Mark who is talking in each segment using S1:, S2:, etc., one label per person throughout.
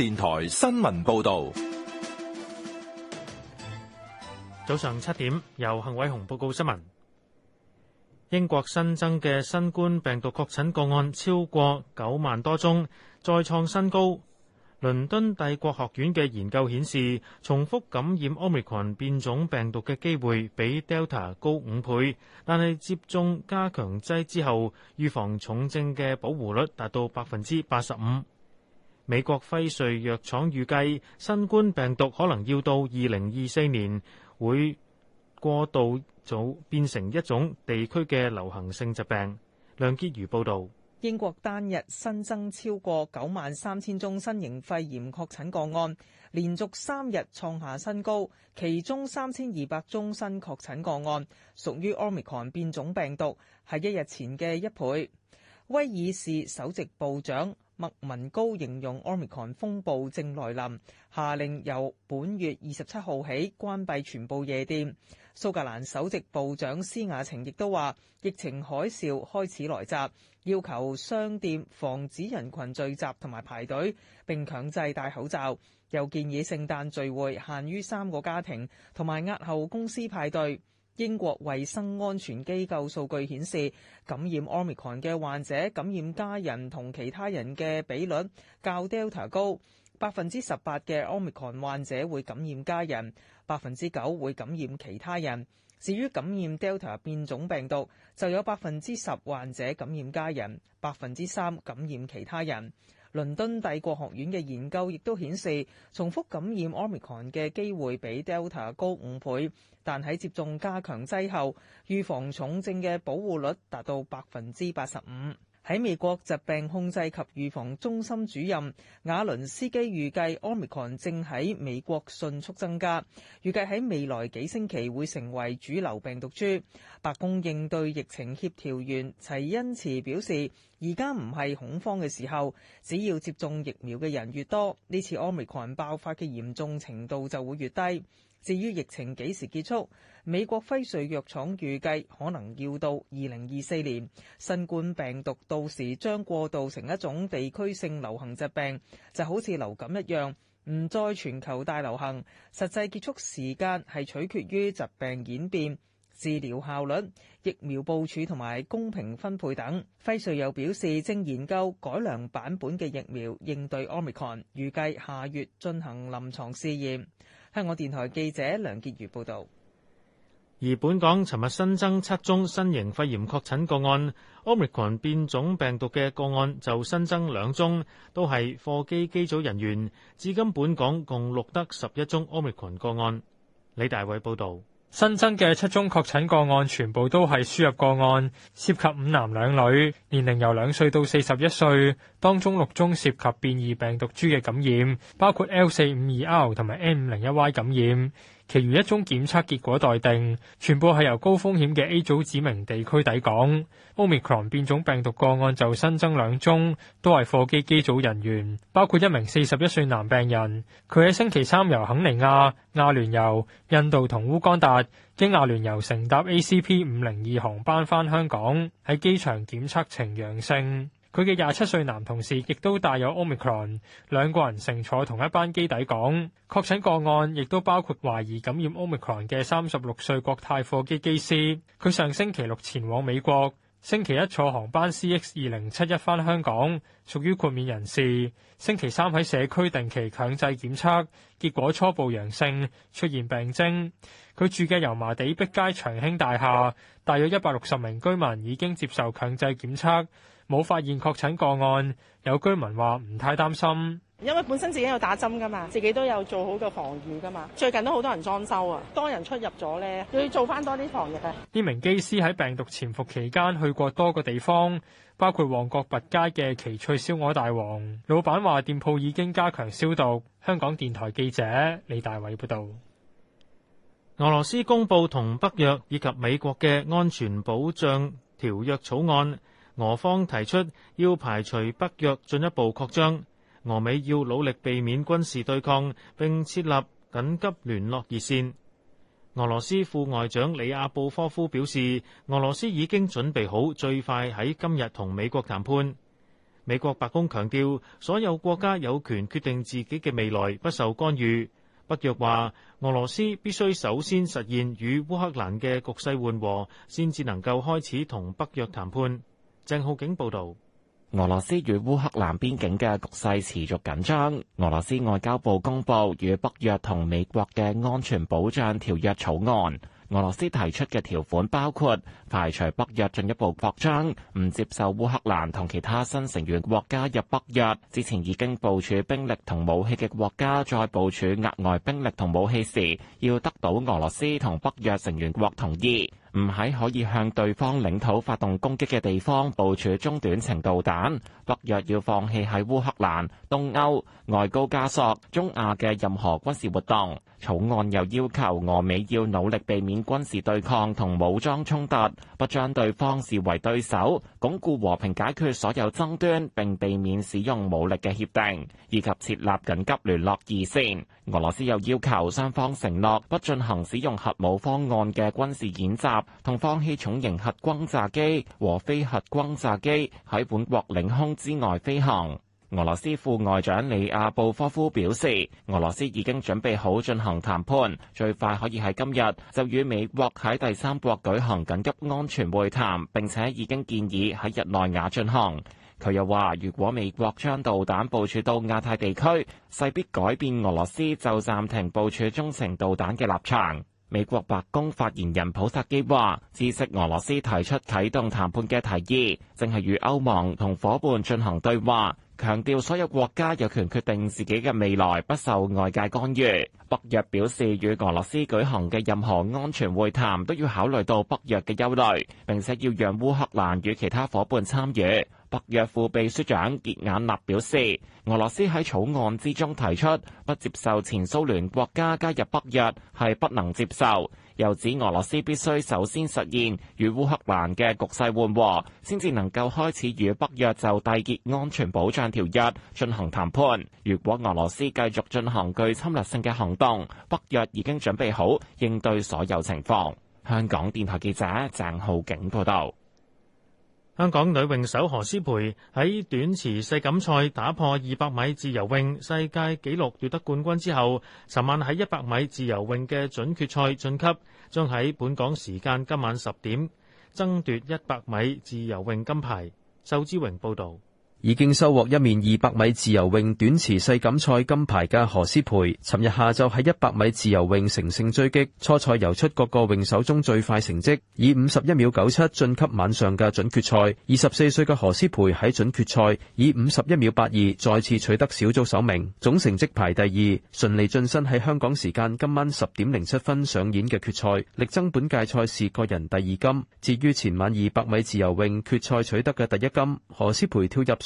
S1: 電台新聞報道，
S2: 早上七點由幸偉雄報告新聞。英國新增嘅新冠病毒確診個案超過九萬多宗，再創新高。倫敦帝國學院嘅研究顯示，重複感染 Omicron 變種病毒嘅機會比 Delta 高五倍，但係接種加強劑之後，預防重症嘅保護率達到百分之八十五。美國輝瑞藥廠預計，新冠病毒可能要到二零二四年會過渡咗變成一種地區嘅流行性疾病。梁潔如報導，
S3: 英國單日新增超過九萬三千宗新型肺炎確診個案，連續三日創下新高，其中三千二百宗新確診個案屬於 Omicron 變種病毒，係一日前嘅一倍。威爾士首席部長麥文高形容 Omicron 風暴正來臨，下令由本月二十七號起關閉全部夜店。蘇格蘭首席部長施雅晴亦都話，疫情海嘯開始來襲，要求商店防止人群聚集同埋排隊，並強制戴口罩，又建議聖誕聚會限於三個家庭，同埋押後公司派對。英國衛生安全機構數據顯示，感染 Omicron 嘅患者感染家人同其他人嘅比率較 Delta 高。百分之十八嘅 Omicron 患者會感染家人，百分之九會感染其他人。至於感染 Delta 變種病毒，就有百分之十患者感染家人，百分之三感染其他人。倫敦帝國學院嘅研究亦都顯示，重複感染 Omicron 嘅機會比 Delta 高五倍，但喺接種加強劑後，預防重症嘅保護率達到百分之八十五。喺美國疾病控制及預防中心主任瓦倫斯基預計 Omicron 正喺美國迅速增加，預計喺未來幾星期會成為主流病毒株。白宮應對疫情協調員齊恩慈表示，而家唔係恐慌嘅時候，只要接種疫苗嘅人越多，呢次 Omicron 爆發嘅嚴重程度就會越低。至於疫情幾時結束？美國輝瑞藥廠預計可能要到二零二四年，新冠病毒到時將過渡成一種地區性流行疾病，就好似流感一樣，唔再全球大流行。實際結束時間係取決於疾病演變、治療效率、疫苗部署同埋公平分配等。輝瑞又表示，正研究改良版本嘅疫苗應對 Omicron，預計下月進行臨床試驗。香港電台記者梁潔如報導。
S2: 而本港尋日新增七宗新型肺炎確診個案，Omicron 變種病毒嘅個案就新增兩宗，都係貨機機組人員。至今本港共錄得十一宗 Omicron 個案。李大偉報導。
S1: 新增嘅七宗確診個案全部都係輸入個案，涉及五男兩女，年齡由兩歲到四十一歲。當中六宗涉及變異病毒株嘅感染，包括 L 四五二 R 同埋 N 五零一 Y 感染。其餘一宗檢測結果待定，全部係由高風險嘅 A 組指明地區抵港。Omicron 變種病毒個案就新增兩宗，都係貨機機組人員，包括一名四十一歲男病人，佢喺星期三由肯尼亞亞聯酋、印度、同烏干達經亞聯酋乘搭 A C P 五零二航班返香港，喺機場檢測呈陽性。佢嘅廿七歲男同事亦都帶有 omicron，兩個人乘坐同一班機抵港。確診個案亦都包括懷疑感染 omicron 嘅三十六歲國泰貨機機師。佢上星期六前往美國，星期一坐航班 CX 二零七一返香港，屬於豁免人士。星期三喺社區定期強制檢測，結果初步陽性，出現病徵。佢住嘅油麻地碧街長興大廈，大約一百六十名居民已經接受強制檢測。冇發現確診個案，有居民話唔太擔心，
S3: 因為本身自己有打針㗎嘛，自己都有做好個防禦㗎嘛。最近都好多人裝修啊，多人出入咗咧，要做返多啲防疫啊。
S1: 呢名機師喺病毒潛伏期間去過多個地方，包括旺角拔街嘅奇趣燒鵝大王。老闆話店鋪已經加強消毒。香港電台記者李大偉報導。
S2: 俄羅斯公佈同北約以及美國嘅安全保障條約草案。俄方提出要排除北約進一步擴張，俄美要努力避免軍事對抗，並設立緊急聯絡熱線。俄羅斯副外長里亞布科夫表示，俄羅斯已經準備好最快喺今日同美國談判。美國白宮強調，所有國家有權決定自己嘅未來，不受干預。北約話，俄羅斯必須首先實現與烏克蘭嘅局勢緩和，先至能夠開始同北約談判。鄭浩景報道：
S4: 俄羅斯與烏克蘭邊境嘅局勢持續緊張。俄羅斯外交部公布與北約同美國嘅安全保障條約草案。俄羅斯提出嘅條款包括排除北約進一步擴張，唔接受烏克蘭同其他新成員國加入北約。之前已經部署兵力同武器嘅國家，再部署額外兵力同武器時，要得到俄羅斯同北約成員國同意。唔喺可以向對方領土發動攻擊嘅地方部署中短程導彈，北約要放棄喺烏克蘭、東歐、外高加索、中亞嘅任何軍事活動。草案又要求俄美要努力避免軍事對抗同武裝衝突，不將對方視為對手，鞏固和平解決所有爭端並避免使用武力嘅協定，以及設立緊急聯絡二線。俄羅斯又要求雙方承諾不進行使用核武方案嘅軍事演習。同放棄重型核轟炸機和非核轟炸機喺本國領空之外飛行。俄羅斯副外長里亞布科夫表示，俄羅斯已經準備好進行談判，最快可以喺今日就與美國喺第三國舉行緊急安全會談，並且已經建議喺日內瓦進行。佢又話，如果美國將導彈部署到亞太地區，勢必改變俄羅斯就暫停部署中程導彈嘅立場。美國白宮發言人普薩基話：知悉俄羅斯提出啟動談判嘅提議，正係與歐盟同伙伴進行對話，強調所有國家有權決定自己嘅未來，不受外界干預。北約表示，與俄羅斯舉行嘅任何安全會談都要考慮到北約嘅憂慮，並且要讓烏克蘭與其他伙伴參與。北約副秘書長傑眼納表示，俄羅斯喺草案之中提出不接受前蘇聯國家加入北約，係不能接受。又指俄羅斯必須首先實現與烏克蘭嘅局勢緩和，先至能夠開始與北約就締結安全保障條約進行談判。如果俄羅斯繼續進行具侵略性嘅行動，北約已經準備好應對所有情況。香港電台記者鄭浩景報道。香港女泳手何
S2: 詩蓓喺短池世錦賽打破二百米自由泳世界紀錄奪得冠軍之後，尋晚喺一百米自由泳嘅準決賽晉級，將喺本港時間今晚十點爭奪一百米自由泳金牌。周志榮報道。
S5: 已經收穫一面二百米自由泳短池世錦賽金牌嘅何詩蓓，尋日下晝喺一百米自由泳乘勝追擊，初賽游出各個泳手中最快成績，以五十一秒九七晉級晚上嘅準決賽。二十四歲嘅何詩蓓喺準決賽以五十一秒八二再次取得小組首名，總成績排第二，順利晉身喺香港時間今晚十點零七分上演嘅決賽，力爭本屆賽事個人第二金。至於前晚二百米自由泳決賽取得嘅第一金，何詩蓓跳入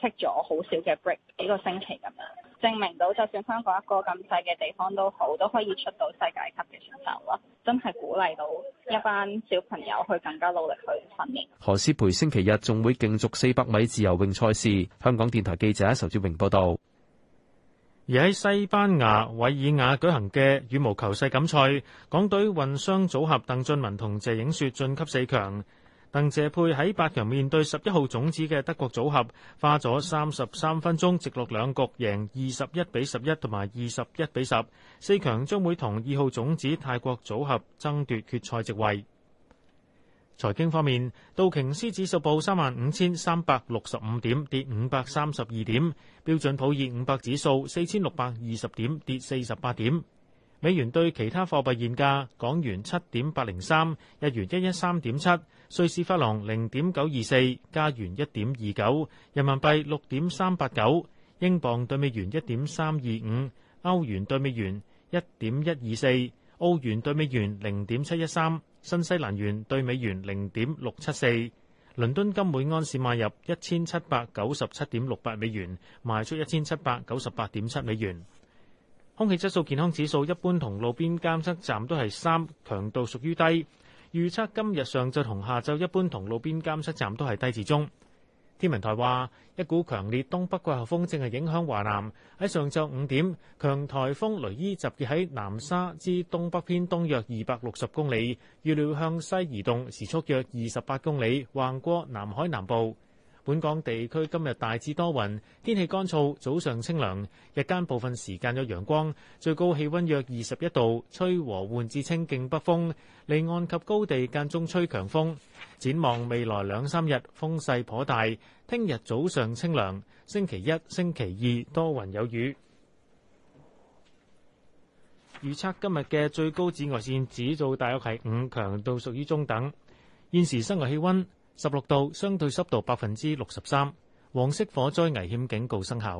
S3: take 咗好少嘅 break 幾個星期咁樣，證明到就算香港一個咁細嘅地方都好，都可以出到世界級嘅選手咯，真係鼓勵到一班小朋友去更加努力去訓練。
S5: 何詩蓓星期日仲會競逐四百米自由泳賽事。香港電台記者仇志榮報道。而喺西班牙韋爾
S2: 瓦舉行嘅羽毛球世錦賽，港隊混雙組合鄧俊文同謝影雪晉級四強。鄧謝佩喺八強面對十一號種子嘅德國組合，花咗三十三分鐘，直落兩局贏二十一比十一同埋二十一比十。四強將會同二號種子泰國組合爭奪決賽席位。財經方面，道瓊斯指數報三萬五千三百六十五點，跌五百三十二點；標準普爾五百指數四千六百二十點，跌四十八點。美元兌其他貨幣現價：港元七點八零三，日元一一三點七，瑞士法郎零點九二四，加元一點二九，人民幣六點三八九，英鎊對美元一點三二五，歐元對美元一點一二四，澳元對美元零點七一三，新西蘭元對美元零點六七四。倫敦金每安士賣入一千七百九十七點六八美元，賣出一千七百九十八點七美元。空氣質素健康指數一般同路邊監測站都係三，強度屬於低。預測今日上晝同下晝一般同路邊監測站都係低至中。天文台話，一股強烈東北季候風正係影響華南。喺上晝五點，強颱風雷伊集結喺南沙至東北偏東約二百六十公里，預料向西移動，時速約二十八公里，橫過南海南部。本港地區今日大致多雲，天氣乾燥，早上清涼，日間部分時間有陽光，最高氣溫約二十一度，吹和緩至清勁北風，離岸及高地間中吹強風。展望未來兩三日風勢頗大，聽日早上清涼，星期一、星期二多雲有雨。預測今日嘅最高紫外線指數大約係五，強度屬於中等。現時室外氣温，十六度，相對濕度百分之六十三，黃色火災危險警告生效。